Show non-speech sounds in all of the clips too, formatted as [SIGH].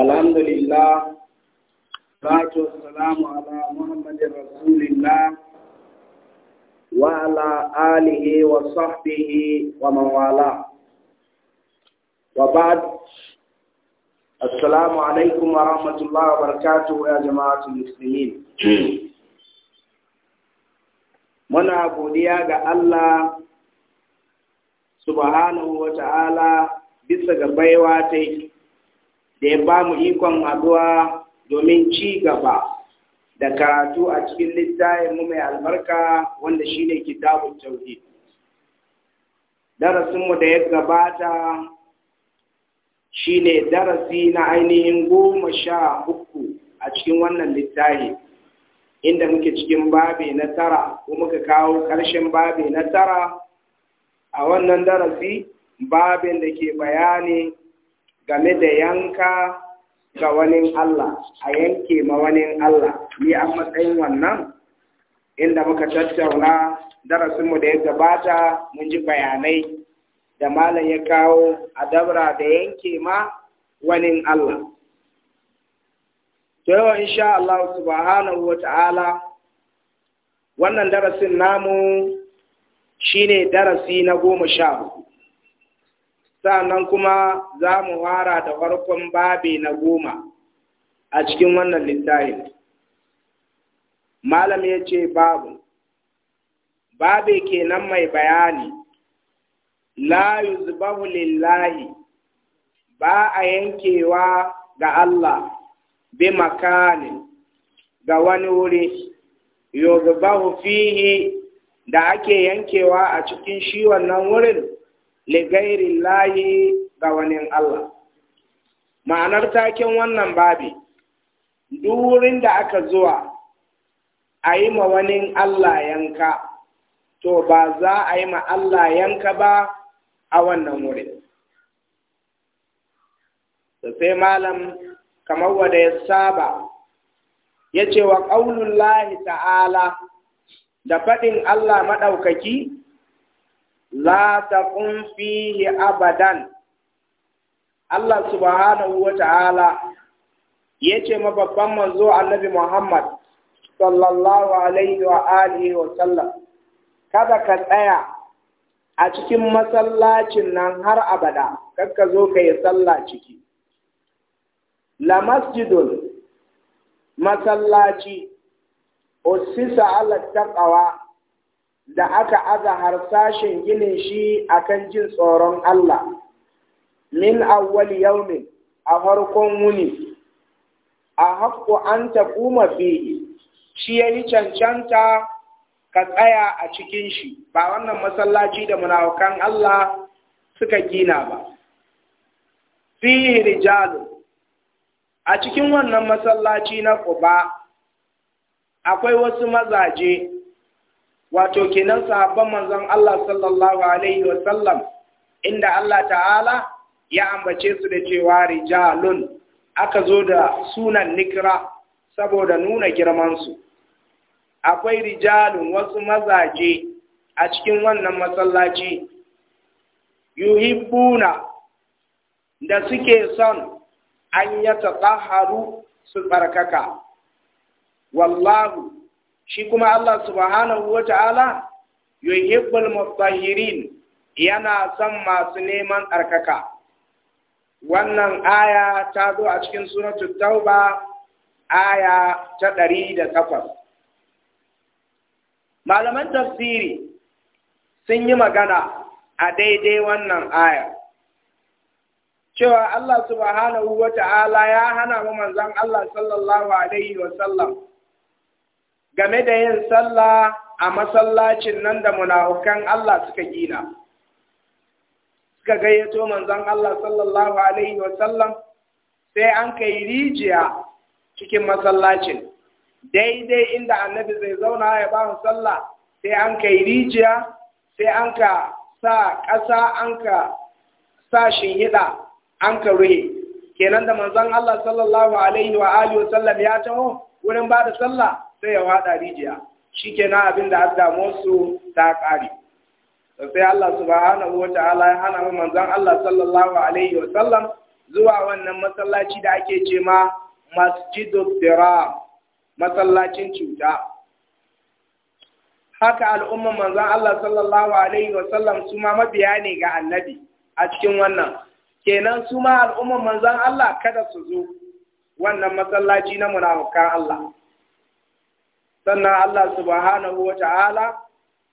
الحمد لله صلاه والسلام على محمد رسول الله وعلى اله وصحبه ومن والاه وبعد السلام عليكم ورحمه الله وبركاته يا جماعه المسلمين muna godiya ga Allah subhanahu wa ta'ala bisa ga baiwa ta yi da ya ba mu ikon haɗuwa domin ci gaba da karatu a cikin littafin mu mai albarka wanda shi ne kitabun tauhid Darasinmu da ya gabata shi ne darasi na ainihin goma sha uku a cikin wannan littafi inda muke cikin babe na tara ko muka kawo ƙarshen babe na tara a wannan darasi babin da ke bayani game da yanka ga wani Allah a yanke ma wani Allah ni a matsayin wannan inda muka tattauna darasinmu da ya gabata mun ji bayanai da malam ya kawo a dabra da yanke ma wani Allah to yau insha Allah subhanahu wa ta'ala wannan darasin namu shine darasi na goma sha uku sa'annan kuma za mu fara da farkon babi na goma a cikin wannan littafin malam ya ce babu babi kenan mai bayani la yuzbahu lillahi ba a yankewa ga Allah bi makanin ga wani wuri yuzbahu fihi da ake yankewa a cikin shi wannan wurin ligairi layi ga wani Allah. Ma'anar taken wannan babi, duk wurin da aka zuwa a yi ma wani Allah yanka, to ba za a yi ma Allah yanka ba a wannan wurin. sai malam kamar wanda ya saba ya ce wa ƙaunin ta'ala da faɗin Allah maɗaukaki لا تقوم فيه abadan Allah سبحانه وتعالى ta'ala ya ce babban manzo annabi Muhammad sallallahu alaihi wa kada ka tsaya a cikin masallacin nan har abada kakka zo ka yi sallah ciki la masjidun masallaci usisa ala taqwa da aka aza harsashin ginin shi akan jin tsoron Allah min awwal yaumin a farkon wuni a haƙo an taƙuma fiye shi ya yi cancanta ka tsaya a cikin shi ba wannan masallaci da munafukan Allah suka gina ba Fihir jalo, a cikin wannan masallaci na kuba akwai wasu mazaje wato kenan sahabban manzon Allah sallallahu alaihi wa sallam inda Allah ta'ala ya ambace su da cewa rijalun aka zo da sunan nikra saboda nuna girmansu akwai rijalun wasu mazaje a cikin wannan masallaci yuhibbuna da suke son an ya su tsarkaka wallahu shi kuma Allah subhanahu wa ta'ala yuhibbul mutahhirin yana son masu neman arkaka. wannan aya ta zo a cikin suratul tauba aya ta ɗari da takwas malaman tafsiri sun yi magana a daidai wannan aya cewa Allah subhanahu wa ta'ala ya hana mu manzon Allah sallallahu alaihi wa sallam game da yin sallah a masallacin nan da munafukan Allah suka gina suka gayyato manzon Allah sallallahu alaihi sallam sai an kai rijiya cikin masallacin daidai inda annabi zai zauna ya ba sallah sai an kai rijiya sai an ka sa ƙasa an ka sa shinhiɗa an ka ruhe kenan da manzon Allah sallallahu alaihi wa alihi sallam ya taho wurin ba da sallah sai ya wada rijiya na abin da an musu su ta kare sai Allah subhanahu wataala ya hana mu manzon Allah sallallahu alaihi wa sallam zuwa wannan masallaci da ake ce ma masjidu dirar masallacin cuta haka al'umman manzon Allah sallallahu alaihi wa sallam su ma mabiya ne ga annabi a cikin wannan kenan su ma al'umman manzon Allah kada su zo wannan masallaci na munafukan Allah sannan Allah subhanahu wa ta'ala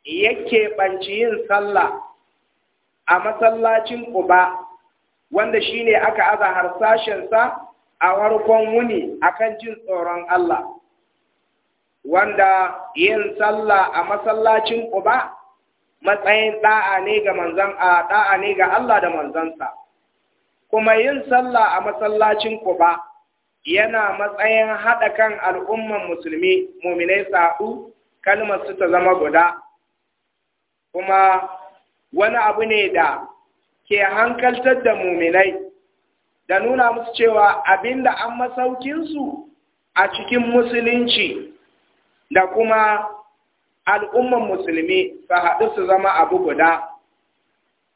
yake banci yin sallah a masallacin Quba wanda shine aka aza harsashensa a warkon wuni akan jin tsoron Allah wanda yin sallah a masallacin Quba matsayin da'a ne ga manzan a da'a ne ga Allah da manzansa kuma yin sallah a masallacin Quba yana matsayin haɗa kan al'umman musulmi muminai sa'u kalmar su ta zama guda kuma wani abu ne da ke hankaltar da muminai da nuna musu cewa abinda an masaukinsu a cikin musulunci da kuma al'umman musulmi su haɗu su zama abu guda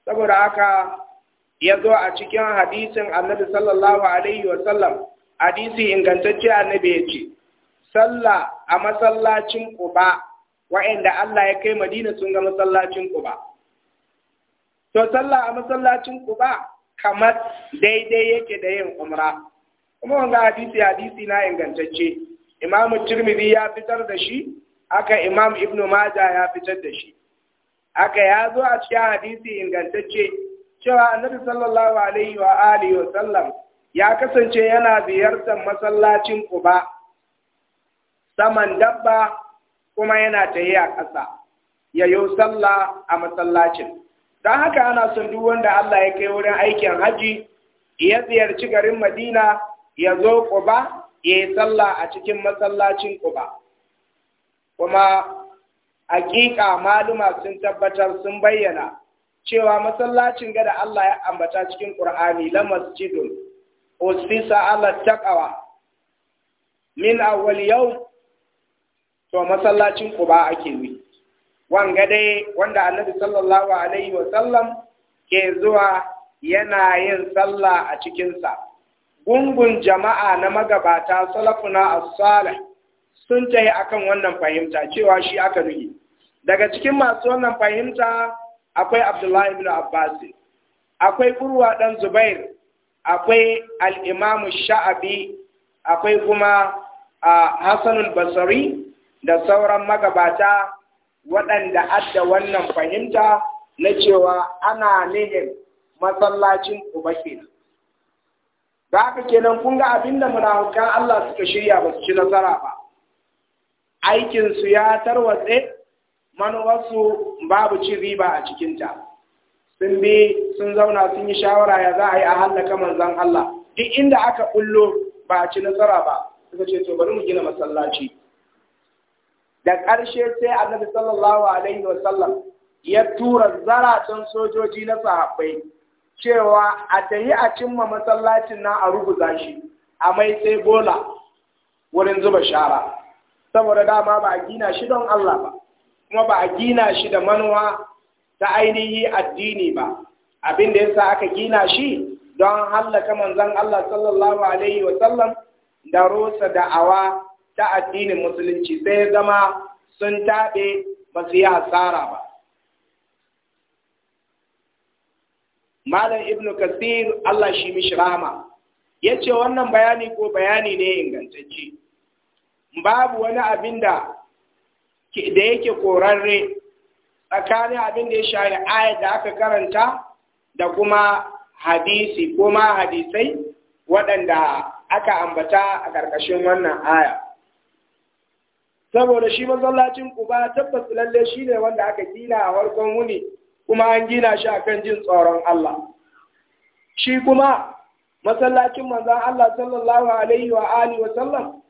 saboda haka ya zo a cikin hadisin annabi sallallahu alaihi wasallam hadisi ingantacce annabi ya ce sallah a masallacin Quba wa'anda Allah ya kai Madina sun ga masallacin Quba to sallah a masallacin Quba kamar daidai yake da yin umra kuma wanga hadisi hadisi na ingantacce Imam Tirmidhi ya fitar da shi haka Imam Ibn Majah ya fitar da shi haka ya zo a cikin hadisi ingantacce cewa Annabi sallallahu alaihi wa alihi wa sallam ya kasance yana ziyartar masallacin Quba saman dabba kuma yana tayi a ƙasa ya yi sallah a masallacin don haka ana son duk wanda Allah ya kai wurin aikin haji ya ziyarci garin Madina ya zo Quba ya yi sallah a cikin masallacin Quba kuma hakika maluma sun tabbatar sun bayyana cewa masallacin gada Allah ya ambata cikin Qur'ani la masjidun usisa على taqwa min awwal yau to masallacin quba ake yi wanga dai wanda annabi sallallahu alaihi wa sallam ke zuwa yana yin sallah a cikinsa gungun jama'a na magabata salafuna as-salih sun tayi akan wannan fahimta cewa shi aka nuhi daga cikin masu wannan fahimta akwai abdullahi ibn abbas akwai urwa dan zubair akwai al'imamu sha'abi akwai kuma a hassanul basari da sauran magabata waɗanda adda wannan fahimta na cewa ana nihin masallacin uba Ba ka kenan kun ga abinda munafukan Allah suka shirya ba su ci nasara ba aikinsu ya tarwatse manuwarsu babu ci riba a cikinta sun bi sun zauna sun yi shawara ya za a yi a hallaka manzan Allah duk inda aka bullo ba a ci nasara ba suka ce to bari mu gina masallaci da ƙarshe sai annabi sallallahu alaihi sallam ya tura zaratan sojoji na sahabbai cewa a tayi a cimma masallacin na a rubuta shi a mai sai bola wurin zuba shara saboda dama ba a gina shi don Allah ba kuma ba a gina shi da manuwa ta ainihi addini ba abin da yasa aka gina shi don hallaka manzon Allah sallallahu alaihi wa sallam da rusa da'awa ta addinin musulunci sai ya zama sun tabe ba su yi hasara ba Malam Ibn Kasir Allah shi mishi rahama yace wannan bayani ko bayani ne ingantacce babu wani abin da da yake korarre tsakanin abin da ya shari ayat da aka karanta da kuma hadisi ko ma hadisai waɗanda aka ambata a ƙarƙashin wannan aya saboda shi masallacin kuba tabbas lalle shi ne wanda aka gina a farkon wuni kuma an gina shi kan jin tsoron Allah shi kuma masallacin manzan Allah sallallahu alaihi wa wa sallam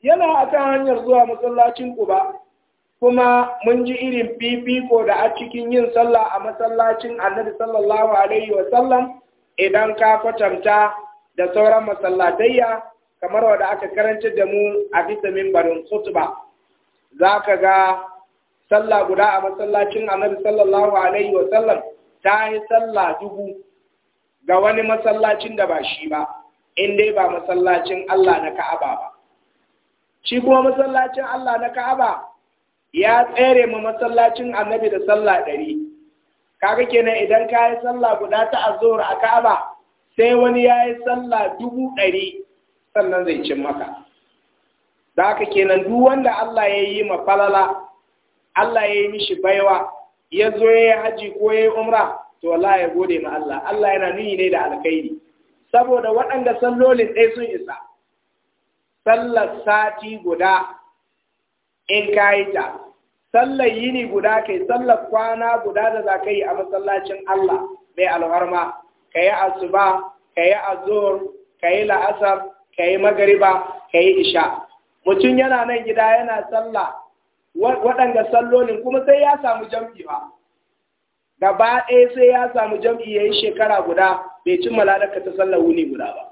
yana akan hanyar zuwa masallacin kuba kuma mun ji irin fifiko da a cikin yin sallah a masallacin annabi sallallahu alaihi sallam idan ka kwatanta da sauran masallatayya kamar wanda aka karanta da mu a bisa mimbarin khutba za ga sallah guda a masallacin annabi sallallahu alaihi sallam ta yi sallah dubu ga wani masallacin da ba shi ba in dai ba masallacin Allah na Ka'aba ba shi kuma masallacin Allah na Ka'aba ya tsere ma masallacin annabi da sallah ɗari kaga kenan idan ka yi sallah guda ta azhar a Ka'aba sai wani ya yi sallah dubu ɗari sannan zai cin maka da haka kenan duk wanda Allah ya yi ma falala Allah ya yi mishi baiwa ya zo ya yi haji ko ya yi umra to Allah ya gode ma Allah Allah yana nuni ne da alkhairi saboda waɗanda sallolin ɗaya sun isa sallar sati guda in ka yi ta sallar yini guda kai sallar kwana guda da za ka yi a masallacin Allah mai alharma ka yi asuba ka yi azur ka yi la'asar ka yi magariba ka yi isha mutum yana nan gida yana sallah waɗanda sallolin kuma sai ya samu jam'i ba gaba ɗaya sai ya samu jam'i ya yi shekara guda bai cin malalaka ta sallar wuni guda ba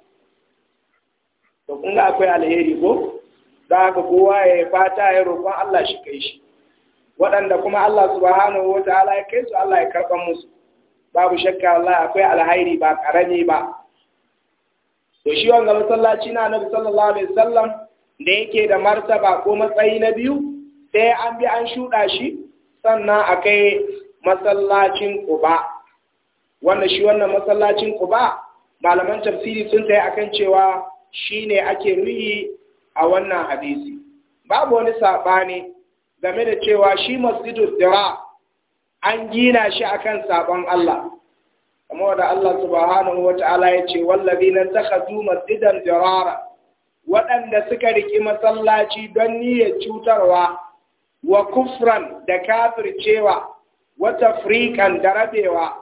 to kun akwai alheri ko da ka kowa ya yi fata ya roƙon Allah shi kai shi waɗanda kuma Allah subhanahu wa ala ya kai su Allah ya karɓar musu babu shakka Allah akwai alhairi ba ƙarami ba to shi wanga masallaci na Annabi sallallahu alaihi wasallam da yake da martaba ko matsayi na biyu sai an bi an shuɗa shi sannan akai masallacin Quba wanda shi wannan masallacin Quba malaman tafsiri sun tayi akan cewa shi shine ake nuyi a wannan hadisi babu wani saɓani game da cewa shi masjidul dira an gina shi akan saɓon Allah kuma da Allah subhanahu wa ta'ala ya ce wallazina na takhadu masjidan dirara waɗanda suka riki masallaci don niyyar cutarwa wa kufran da kafircewa wa tafriqan da rabewa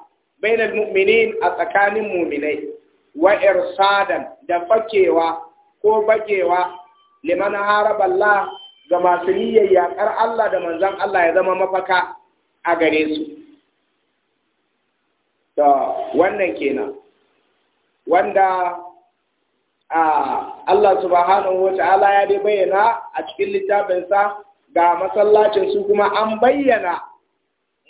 bainal mu'minin a tsakanin mu'minai wa irsadan da fakewa ko bagewa liman haraba Allah ga masu niyyar yakar Allah da manzon Allah ya zama mafaka a gare su to wannan kenan wanda a Allah subhanahu wataala ya dai bayyana a cikin littafin sa ga masallacin su kuma an bayyana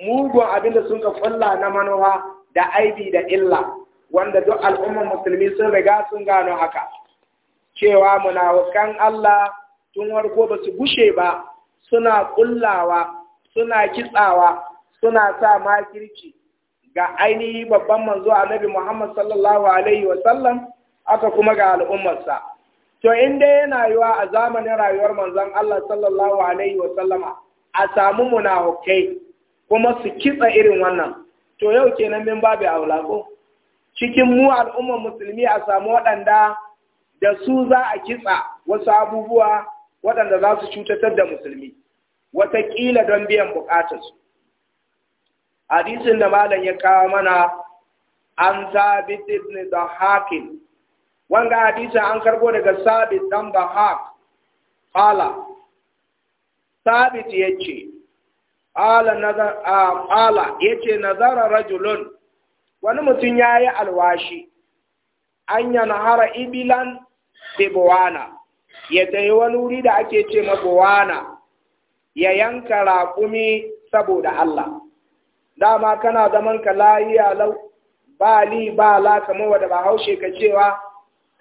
mugun abin da sun ka kulla na manoha da aibi da illa wanda duk al'ummar musulmi sun riga sun gano haka cewa munafukan Allah tun warko ba su gushe ba suna kullawa suna kitsawa suna sa makirci ga ainihi babban manzo annabi Muhammad sallallahu alaihi wa sallam aka kuma ga al'ummarsa to in dai yana yiwa a zamanin rayuwar manzon Allah sallallahu alaihi wa sallama a samu munafukai kuma su kitsa irin wannan to yau kenan min babu aulako cikin mu al'ummar musulmi a samu waɗanda da su za a kitsa wasu abubuwa waɗanda za su cutatar da musulmi wataƙila don biyan buƙatarsu hadisin da malam ya kawo mana an sabit ibn hakin. wanga hadisin an karbo daga sabit dan dahak Fala! sabit ya ce. Fala ya yace nazara rajulun wani mutum ya yi alwashi an hara ibilan buwana ya tayi wani wuri da ake ce ma buwana ya yanka raƙumi saboda Allah. Dama kana zaman ka layiya lau, ba li ba la kamar wadda ba haushe ka cewa,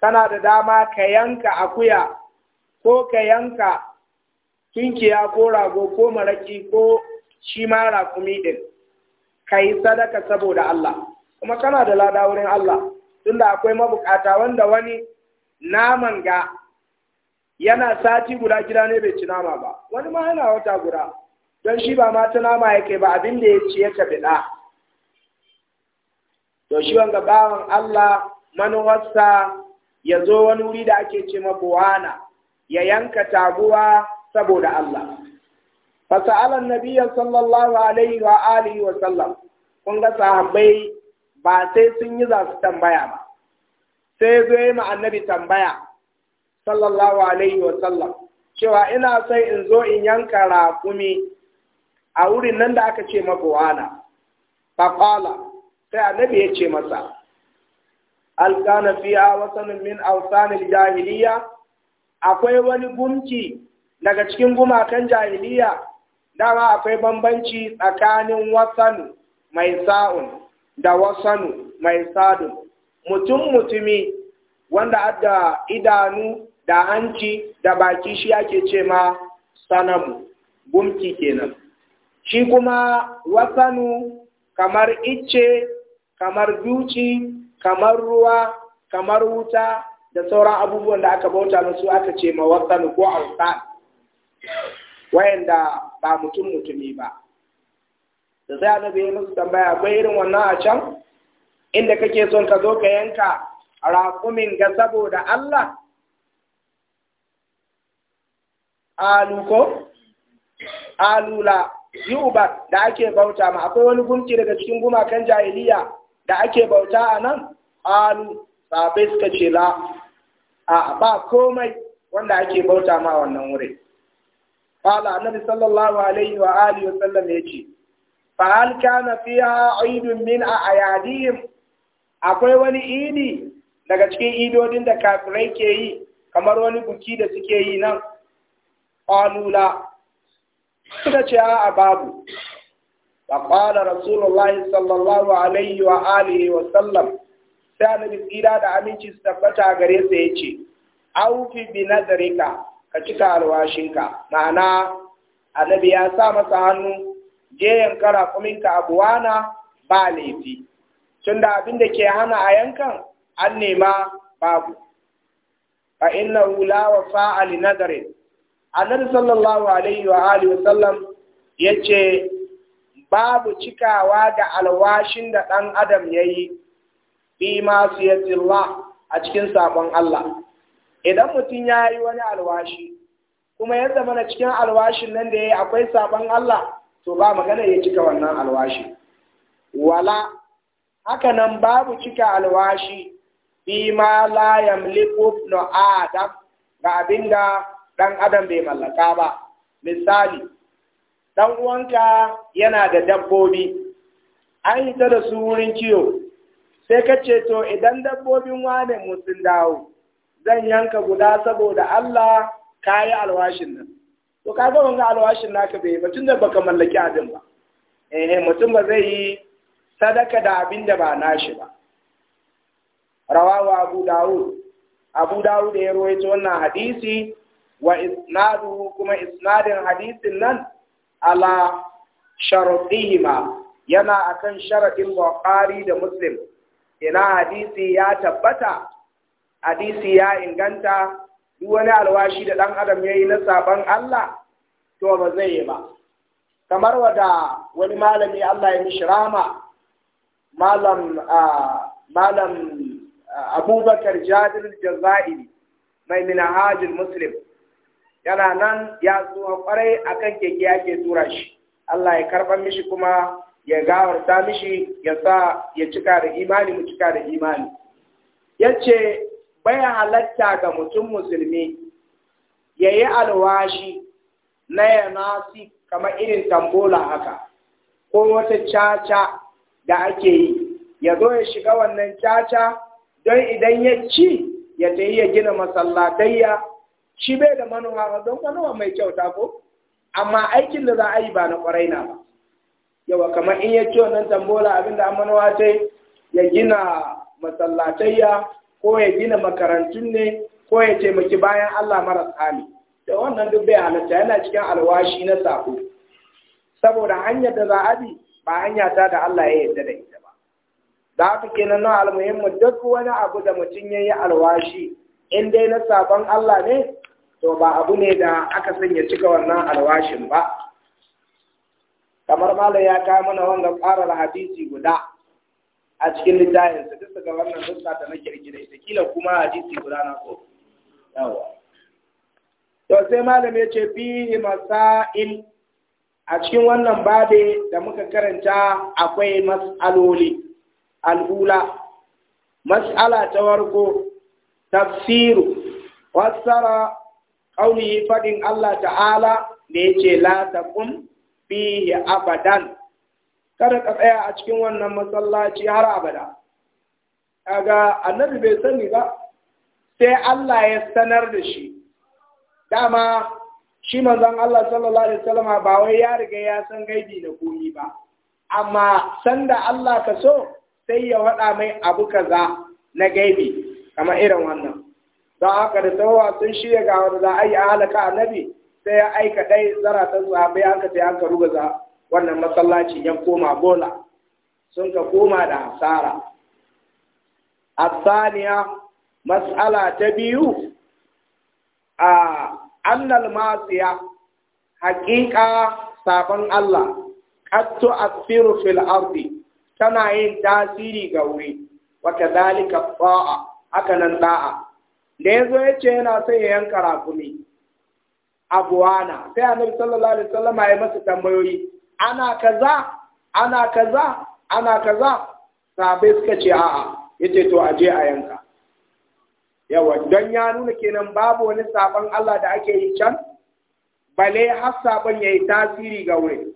kana da dama ka yanka akuya ko ka yanka tunkiya ko rago ko maraki ko shi ma raƙumi din? Ka yi sadaka saboda Allah, kuma kana da lada wurin Allah, tunda akwai mabukata wanda wani naman ga yana sati guda gida ne bai ci nama ba wani ma yana wata guda don shi ba mata nama yake ba abin da ya ci ya da to shi wanga bawan Allah manuwarsa ya zo wani wuri da ake ce ma buwana ya yanka tabuwa saboda Allah fasa'alan nabiyya sallallahu alaihi wa alihi wa sallam kun ga sahabbai ba sai sun yi za su tambaya ba sai zo yi ma annabi tambaya sallallahu alaihi wasallam cewa ina sai in zo in yanka raƙumi a wurin nan da aka ce magowana faƙala sai annabi ya ce masa alkana fiya wasanin min ausanil jahiliya akwai wani gumki daga cikin gumakan jahiliya dama akwai bambanci tsakanin wasanu mai sa'un da wasanu mai sadun mutum mutumi wanda adda idanu da hanci da baki shi ake ce ma sanamu gumki kenan shi kuma wasanu kamar icce kamar duci kamar ruwa kamar wuta da sauran abubuwan da aka bauta musu aka ce ma wasanu ko ausa wayanda ba mutum mutumi ba da sai annabi ya musu tambaya akwai irin wannan a can inda kake son ka zo ka yanka raƙumin ga saboda Allah alu ko alula yuba da ake bauta ma akwai wani gunki daga cikin gumakan jahiliya da ake bauta a nan alu sabai suka ce la a ba komai wanda ake bauta ma wannan wurin qala annabi sallallahu alaihi wa alihi wa sallam yace fa hal kana fiha aidun min ayadihim akwai wani idi daga cikin idodin da kafirai ke yi kamar wani buki da suke yi nan ƙwanula suka ce a babu da ƙwada rasulullah sallallahu alaihi wa alihi wa sallam sai annabi tsira da aminci su tabbata gare sa ya ce aufi bi nazarika ka cika alwashinka ma'ana annabi ya sa masa hannu je yankara kuminka abuwana ba laifi tunda abin da ke hana a yankan an nema babu fa innahu la wafa'a li nadarin annabi sallallahu alaihi wa alihi wa sallam yace babu cikawa da alwashin da ɗan adam yayi bi ma siyatillah a cikin sabon Allah idan mutum ya yi wani alwashi kuma ya zama na cikin alwashin nan da ya yi akwai sabon Allah to ba magana ya cika wannan alwashi wala haka nan babu cika alwashi fi ma la yamliku no adam ga abinda dan adam bai mallaka ba misali dan uwanka yana da dabbobi an ta da su wurin kiyo sai ka ce to idan dabbobin wane mu sun dawo zan yanka guda saboda Allah yi alwashin nan to ga wanga alwashin naka bai ba tunda baka mallaki abin ba eh mutum ba zai yi sadaka da abin da ba nashi ba rawahu abu daud abu da ya rawaito wannan hadisi wa isnadu. kuma isnadin hadisin nan ala sharuɗihima yana akan sharaɗin bukhari da muslim ina hadisi ya tabbata hadisi ya inganta duk wani alwashi da ɗan adam ya yi na saban Allah to ba zai yi ba kamar wada wani malami Allah ya mishi rama malam malam abubakar jabir jazairi mai minhajul muslim yana nan ya tsuwa kwarai akan keke ake tura shi Allah ya karɓar mishi kuma ya gawarta mishi ya sa ya cika da imani mu cika da imani ya ce bai halatta ga mutum musulmi ya yi alwashi na yanasi kamar irin tambola haka ko wata caca da ake yi ya zo ya shiga wannan caca don idan ya ci ya ta ya gina masallatayya shi bai da manuwa don manuwa mai kyauta ko amma aikin da za a yi ba na kwarai na ba yawa kamar in ya ci wannan tambola da an manuwa ta ya gina masallatayya ko ya gina makarantun ne ko ya taimaki bayan Allah mara tsami da wannan duk bai halatta yana cikin alwashi na sako saboda hanyar da za a bi ba hanya ta da Allah ya yarda da ita ba da haka kenan na almuhimmu duk wani abu da mutum yayi alwashi in dai na sabon Allah ne to ba abu ne da aka sanya cika wannan alwashin ba kamar malam ya kawo mana wannan ƙarar hadisi guda a cikin littafin sa duk ga wannan dukka da na kirkire ita kila kuma hadisi guda na so yawa to sai malami ya ce fihi masail a cikin wannan babe da muka karanta akwai mas'aloli al'ula mas'ala ta warko tafsiru fassara ƙaunihi faɗin Allah ta'ala da ya ce latakun fihi abadan kada ka tsaya a cikin wannan masallaci har abada kaga annabi bai sani ba sai Allah ya sanar da shi dama shi manzon Allah sallallahu alaihi wasallam ba wai ya riga ya san gaibi da komi ba amma sanda Allah ka so sai ya waɗa mai abu kaza na gaibi kama irin wannan don haka da tsawowa sun shirya ga wanda za a yi a nabi, sai ya aika ɗai zuwa bai an ka an ka za wannan masallaci ya koma bola sun ka koma da hasara asaniya matsala ta biyu a annal masiya haƙiƙa sabon Allah qattu asiru fil ardi tana yin tasiri ga wuri wa kadhalika ta'a haka nan da'a da yazo yace yana son ya yanka rakumi abuwana sai annabi sallallahu alaihi wasallam ya masa tambayoyi ana kaza ana kaza ana kaza sabai suka ce a'a yace to aje a yanka yawa don ya nuna kenan babu wani sabon Allah da ake yi can bale har sabon ya yi tasiri ga wurin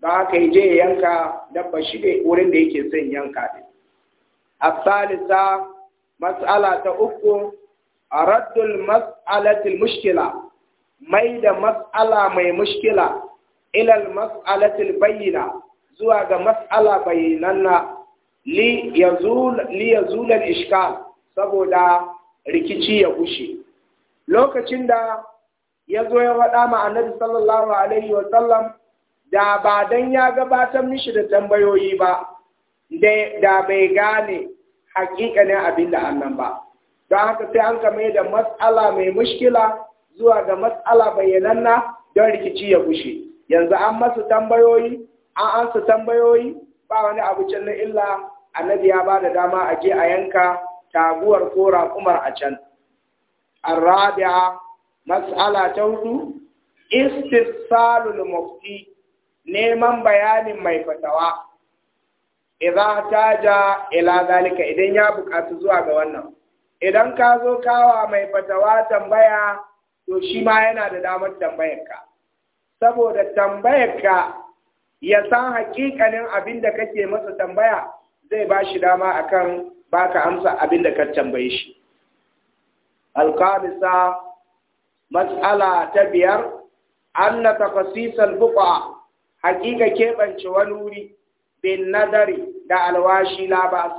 ba ka yi je ya yanka dabba shi ne wurin da yake son yanka ne asalisa mas'ala ta uku a raddul mas'alatil mushkila mai da mas'ala mai mushkila ilal mas'alatil bayyana, zuwa ga mas'ala bayyana li yazul li yazul ishkal saboda rikici ya gushe lokacin da ya zo ya faɗa ma annabi sallallahu alaihi wa sallam da ba dan ya gabatar mishi da tambayoyi ba da bai gane hakikanin abin da annan ba don haka sai an kame da matsala mai mushkila zuwa ga matsala bayyananna don rikici ya gushe yanzu an masa tambayoyi an ansa tambayoyi ba wani abu can na illa annabi ya ba da dama a je a yanka taguwar ko raƙumar a can masala ta hudu استفسال المفتي neman bayanin mai fatawa idan taja ila zalika idan ya buƙatu zuwa ga wannan idan ka zo kawa mai fatawa tambaya to shi ma yana da damar tambayarka saboda tambayarka ya san hakikanin abin da kake masa tambaya zai ba shi dama akan ka amsa abin da ka tambaye shi alkalisa matsala ta biyar anna taqsis al-buqa hakika keɓance wani wuri bin nadari da alwashi la ba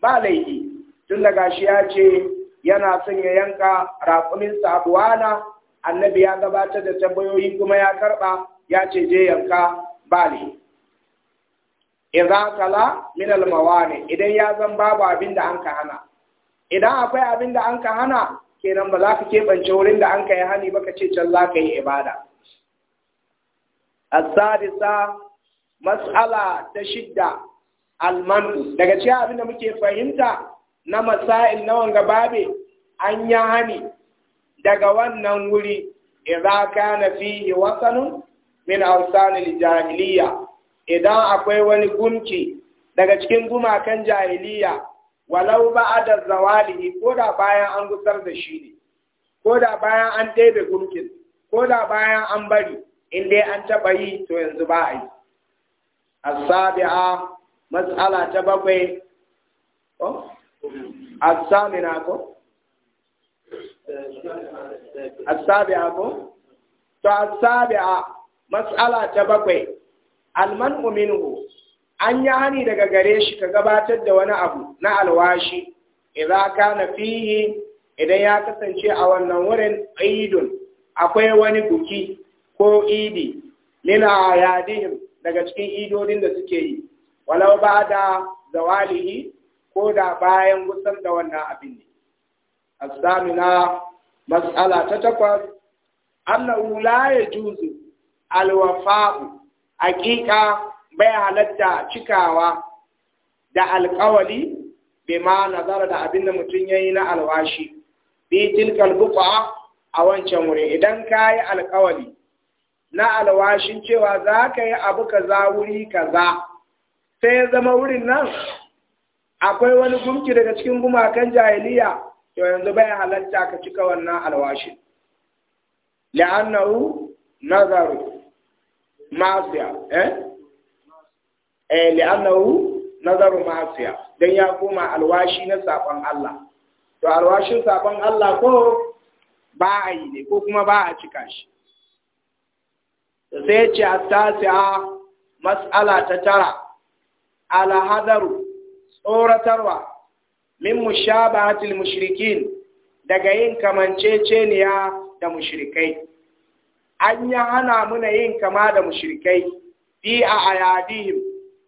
ba laifi tun da gashi ya ce yana son ya yanka raƙuminsa abuwana annabi ya gabatar da tambayoyi kuma ya karɓa ya ce je yanka ba idza kala min al mawani idan ya zan babu abin da anka hana idan akwai abin da anka hana kenan ba za ka keɓance wurin da anka yi hani ba ka ce can za ka yi ibada asadisa mas'ala ta shidda almanu daga cikin abin da muke fahimta na masail na wanga babe an yi hani daga wannan wuri idza kana fihi wasanun min awsanil jahiliya idan akwai wani gunki daga cikin gumakan jahiliya walau da zawali ko da bayan an gusar da shi ne ko da bayan an ɗebe gumkin ko da bayan an bari in dai an taɓa yi to yanzu ba a yi asabi'a matsala ta bakwai asamina ko asabi'a ko to asabi'a mas'ala ta bakwai alman minhu an yi hani daga gare shi ka gabatar da wani abu na alwashi idan na fihi idan ya kasance a wannan wurin idun akwai wani buki ko idi lila dihim daga cikin idodin da suke yi walau ba da zawalihi ko da bayan gusar da wannan abin ne asamina mas'ala ta takwas annahu la yajuzu alwafa'u Hakika bai halatta cikawa da alƙawali bai ma nazara da abin da mutum ya yi na alwashi bi tilkal buqa a wancan wuri idan ka yi alƙawali na alwashin cewa za ka yi abu kaza wuri kaza sai zama wurin nan akwai wani gumki daga cikin gumakan jahiliya to yanzu bai halatta ka cika wannan alwashin la'annahu nazaru masiya eh eh li'annahu nazaru masiya dan ya koma alwashi na sabon Allah to alwashin sabon Allah ko ba yi ne ko kuma ba a cika shi sai ce a mas'ala ta tara alhadaru tsoratarwa min mushabahatil mushrikin daga yin kamanceceniya da mushrikai an yi hana muna yin kama da mushrikai fi a ayadihim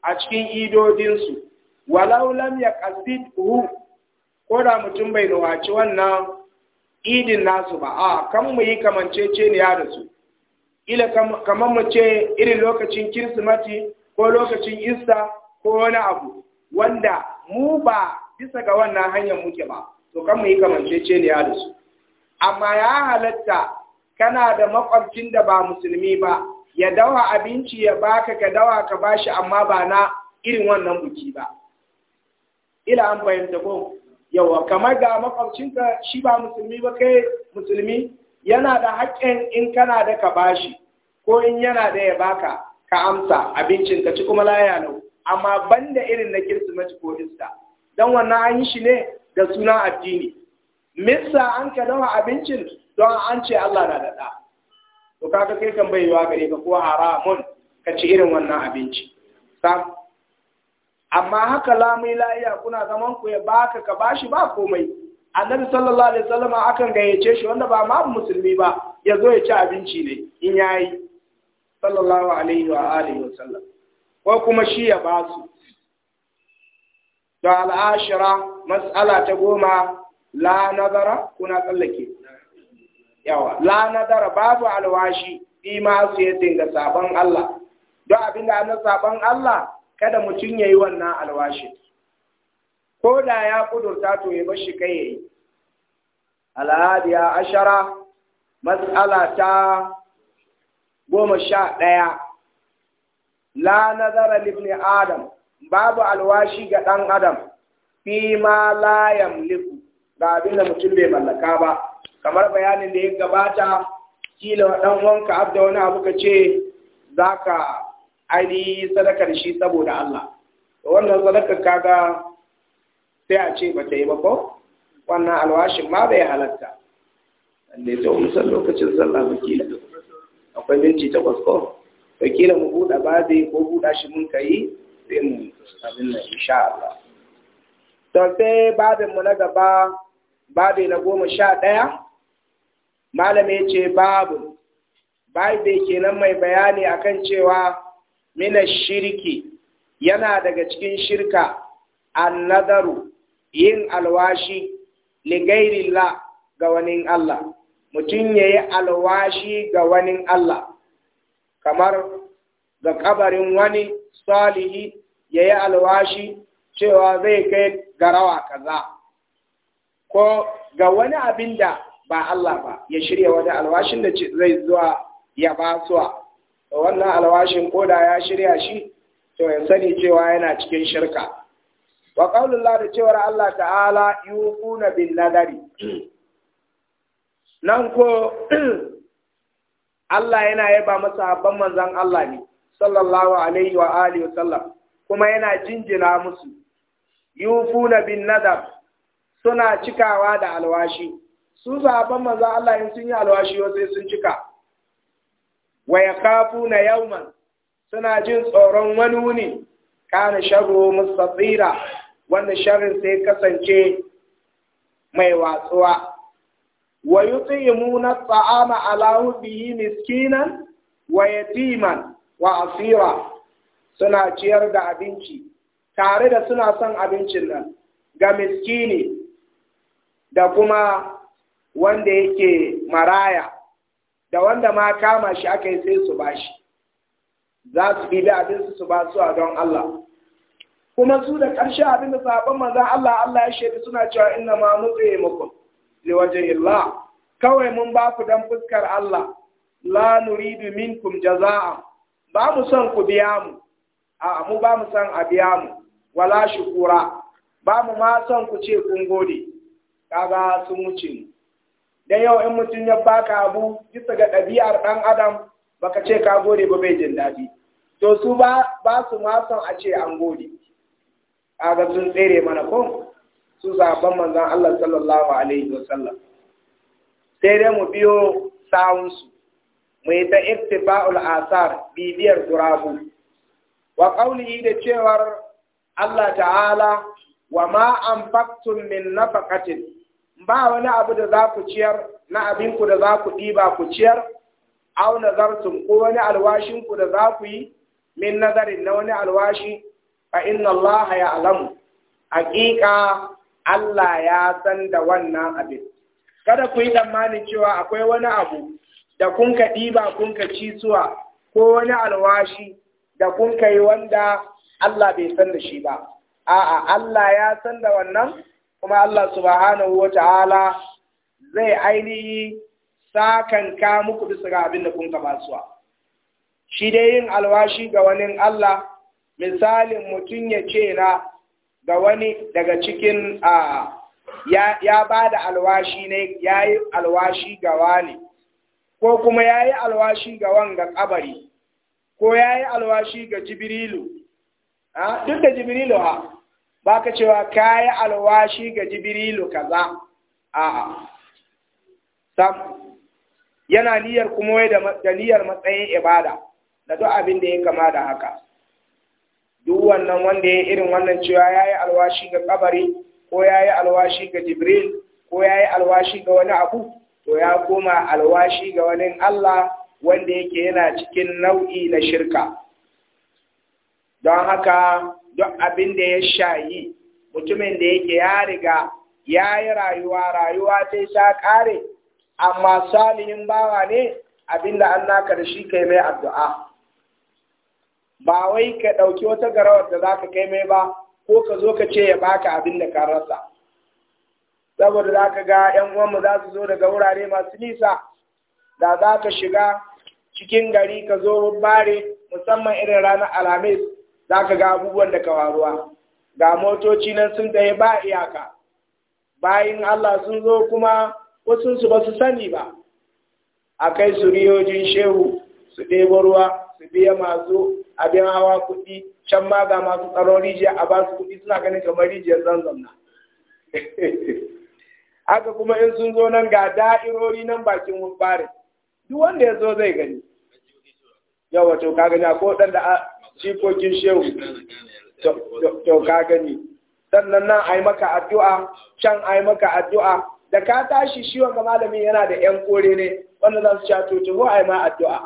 a cikin idodinsu walau lam ya qasidhu ko da mutum bai nuwaci wannan idin nasu ba a kan mu yi kamanceceniya da su ila kamar mu ce irin lokacin kirsimati ko lokacin ista ko wani abu wanda mu ba bisa ga wannan hanyar muke ba to kan mu yi kamanceceniya da su amma ya halatta kana da makwabcin da ba musulmi ba ya dawa abinci ya baka ka dawa ka bashi amma ba na irin wannan buki ba ila an fahimta ko yawa kamar ga makwabcinka shi ba musulmi ba kai musulmi yana da haƙƙin in kana da ka bashi ko in yana da ya baka ka amsa abincin ka ci kuma laya lau amma banda irin na kirsimeti ko ista don wannan an yi shi ne da suna addini missa an ka dawa abincin don an ce Allah na da ɗa to kaga kai kan bai yiwa gare ka ko haramun ka ci irin wannan abinci sam amma haka lamai la'iya kuna zaman ku ya baka ka bashi ba komai annabi sallallahu alaihi wasallam akan gayyace shi wanda ba ma musulmi ba ya zo ya ci abinci ne in yayi sallallahu alaihi wa alihi wasallam ko kuma shi ya basu da al'ashira mas'ala ta goma la nazara kuna tsallake yawa la babu alwashi bi ma su yadda ga sabon Allah don abin da ana sabon Allah kada mutum ya yi wannan alwashi ko da ya kudurta to ya bar shi kai yayi alhadiya ashara mas'ala ta goma sha ɗaya la nazara libni adam babu alwashi ga ɗan adam fi ma la yamliku ga abin da mutum bai mallaka ba kamar bayanin da ya gabata kila dan wanka abda wani abu ka ce za ka ainihi sadakar shi saboda Allah wannan sadakar kaga sai a ce bata yi ba ko wannan alwashin ma bai halatta lalle ta umsar lokacin sallah wakila akwai minti takwas ko wakila mu buɗa ba zai ko buɗa shi mun kai sai mu abin nan insha Allah to sai babin mu na gaba babi na goma sha ɗaya malam ya ce babu babi kenan mai bayani a kan cewa mina shirki yana daga cikin shirka annadaru yin alwashi ligairillah ga wani Allah mutum ya yi alwashi ga wani Allah kamar ga kabarin wani salihi ya yi alwashi cewa zai kai garawa kaza ko ga wani abin da ba Allah ba ya shirya wani alwashin da zai zuwa ya ba suwa wannan alwashin koda ya shirya shi to ya sani cewa yana cikin shirka wa qaulullah da cewar Allah ta'ala yuquna bin nadari [CLEARS THROAT] nan ko [CLEARS THROAT] Allah yana yaba masa habban manzon Allah ne sallallahu alaihi wa alihi wa sallam kuma yana jinjina musu yufuna bin nadar suna cikawa da alwashi su sahabban manzon Allah in sun yi alwashi sai sun cika wa na yawman suna jin tsoron wani wuni kana shago mustatira wanda sharrin sai kasance mai watsuwa wa yut'imuna ta'ama ala hubbihi miskinan wa yatiman wa asira suna ciyar da abinci tare da suna son abincin nan ga miskini da kuma wanda yake maraya da wanda ma kama shi aka yi sai su bashi za su bi da abin su ba su a don Allah kuma su da ƙarshe abin da sabon maza Allah Allah ya shaidu suna cewa inna ma ya muku wajen Allah kawai mun ba ku dan fuskar Allah la nuridu minkum jaza'a ba mu son ku biya mu a mu ba mu son a biya mu wala shukura ba mu ma son ku ce kun gode kaga sun wuce mu dan yau in mutum ya baka abu bisa ga ɗabi'ar ɗan adam baka ce ka gode ba bai jin daɗi to su ba ba su ma son a ce an gode kaga sun tsere mana ko su zaɓen manzon Allah sallallahu alaihi wasallam sai dai mu biyo su mu yi ta ittiba'ul asar bibiyar durabu wa qawlihi da cewar Allah ta'ala wa ma anfaqtum min nafaqatin ba wani abu da za ku ciyar na abinku da za ku ɗiba ku ciyar au nazartum ko wani alwashinku da za ku yi min nazarin na wani alwashi fa inna Allah ya alamu haƙiƙa Allah ya san da wannan abin kada ku yi tsammanin cewa akwai wani abu da kun ka ɗiba kun ka ci suwa ko wani alwashi da kun ka yi wanda Allah bai san da shi ba a'a Allah ya san da wannan kuma Allah subhanahu wa ta'ala zai ainihi sakanka ka muku bisa ga abin da kun kama suwa. Shi dai yin alwashi ga wani Allah, misalin mutum ya ce na ga wani daga cikin a ya ba da alwashi ne, ya yi alwashi ga wani, ko kuma ya yi alwashi ga wanga kabari, ko ya yi alwashi ga Jibrilu, duk da Jibrilu ha. ba ka cewa ka yi alwashi ga jibrilu kaza a'a sam yana niyyar kuma wai da niyyar matsayin ibada da duk abin da ya kama da haka duk wannan wanda ya irin wannan cewa ya yi alwashi ga kabari ko ya yi alwashi ga jibril ko ya yi alwashi ga wani abu to ya koma alwashi ga wani allah wanda yake yana cikin nau'i na shirka don haka duk abin da ya shayi mutumin da yake ya riga ya yi rayuwa rayuwa ta ta kare amma salihin bawa ne abin da an naka da shi kai mai addu'a ba wai ka ɗauki wata garawar da za ka kai mai ba ko ka zo ka ce ya baka abin da ka rasa saboda za ka ga 'yan uwanmu za su zo daga wurare masu nisa da za ka shiga cikin gari ka zo bare musamman irin ranar alhamis za ka ga abubuwan da kawaruwa ga motoci nan sun tafi ba iyaka bayan Allah sun zo kuma wasu su ba su sani ba a kai su riyojin shehu su ɗebo ruwa su biya masu abin hawa kuɗi can ma ga masu tsaro rijiya a ba su kuɗi suna ganin kamar rijiyar zanzan na [LAUGHS] haka kuma in sun zo nan ga da'irori nan bakin wubarin duk wanda ya zo zai gani yau wato ka gani ko ɗan da Cikokin shehu to ka gani sannan nan ai maka addu'a can ai maka addu'a da ka tashi shi wanga malamin yana da yan kore ne wanda za su ci to ko ai ma addu'a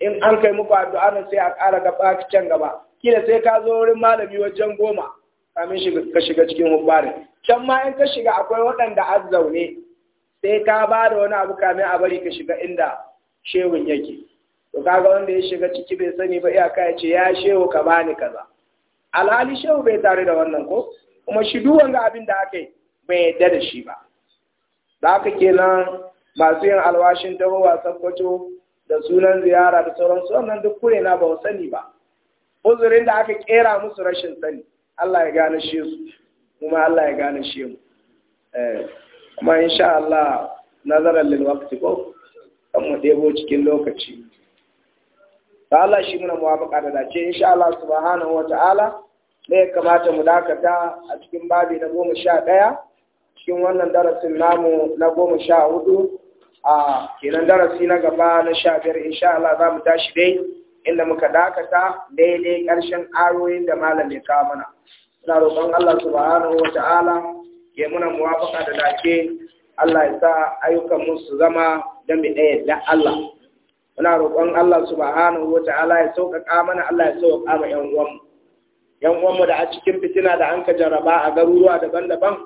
in an kai muku addu'a nan sai a ƙara gaba can gaba kila sai ka zo wurin malami wajen goma kamin ka shiga cikin hubbarin can ma in ka shiga akwai waɗanda azzaune sai ka ba da wani abu kamin a bari ka shiga inda shehun yake to kaga wanda ya shiga ciki bai sani ba iyaka ya ce ya shehu ka bani kaza alhali shehu bai tare da wannan ko kuma shi duk wanga abin da aka yi bai yadda da shi ba da haka kenan masu yin alwashin wasan kwato da sunan ziyara da su wannan duk kure na ba sani ba uzurin da aka kera musu rashin sani Allah ya gane shi su kuma Allah ya gane shi mu eh, kuma insha Allah nazaran lil waqti ko mu debo cikin lokaci ta Allah shi muna muwafaka da dace insha Allah subhanahu wa ne kamata mu dakata a cikin babi na goma cikin wannan darasin namu na goma hudu a kenan darasi na gaba na sha biyar insha Allah za mu tashi dai inda muka dakata daidai ƙarshen ayoyin da malam ya kawo mana ina roƙon Allah subhanahu wa ta'ala ya muna muwafaka da dace Allah ya sa ayyukan mu su zama dan da Allah muna roƙon Allah subhanahu wa ta'ala ya sauƙaƙa mana Allah ya sauƙaƙa ma ƴan uwanmu ƴan uwanmu da a cikin fitina da an ka jaraba a garuruwa daban-daban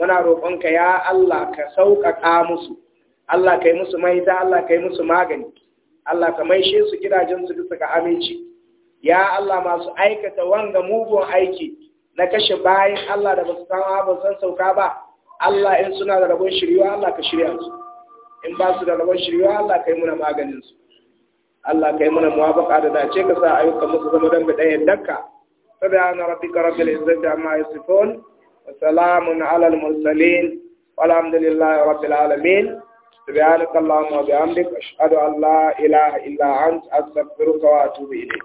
muna ka ya Allah ka sauƙaƙa musu Allah kai yi musu maita Allah ka yi musu magani Allah ka maishe su gidajen su bisa ga aminci ya Allah masu aikata wanga mugun aiki na kashe bayan Allah da basu su ba san sauka ba Allah in suna da rabon shiriwa Allah ka shirya su in ba su da rabon shiriwa Allah ka muna maganin su الله كي موافق على ذا شيء كسا أيوك مصر مدن بدأي الدكة سبحان ربك رب العزة عما يصفون وسلام على المرسلين والحمد لله رب العالمين سبحانك اللهم وبحمدك أشهد أن لا إله إلا أنت أستغفرك وأتوب إليك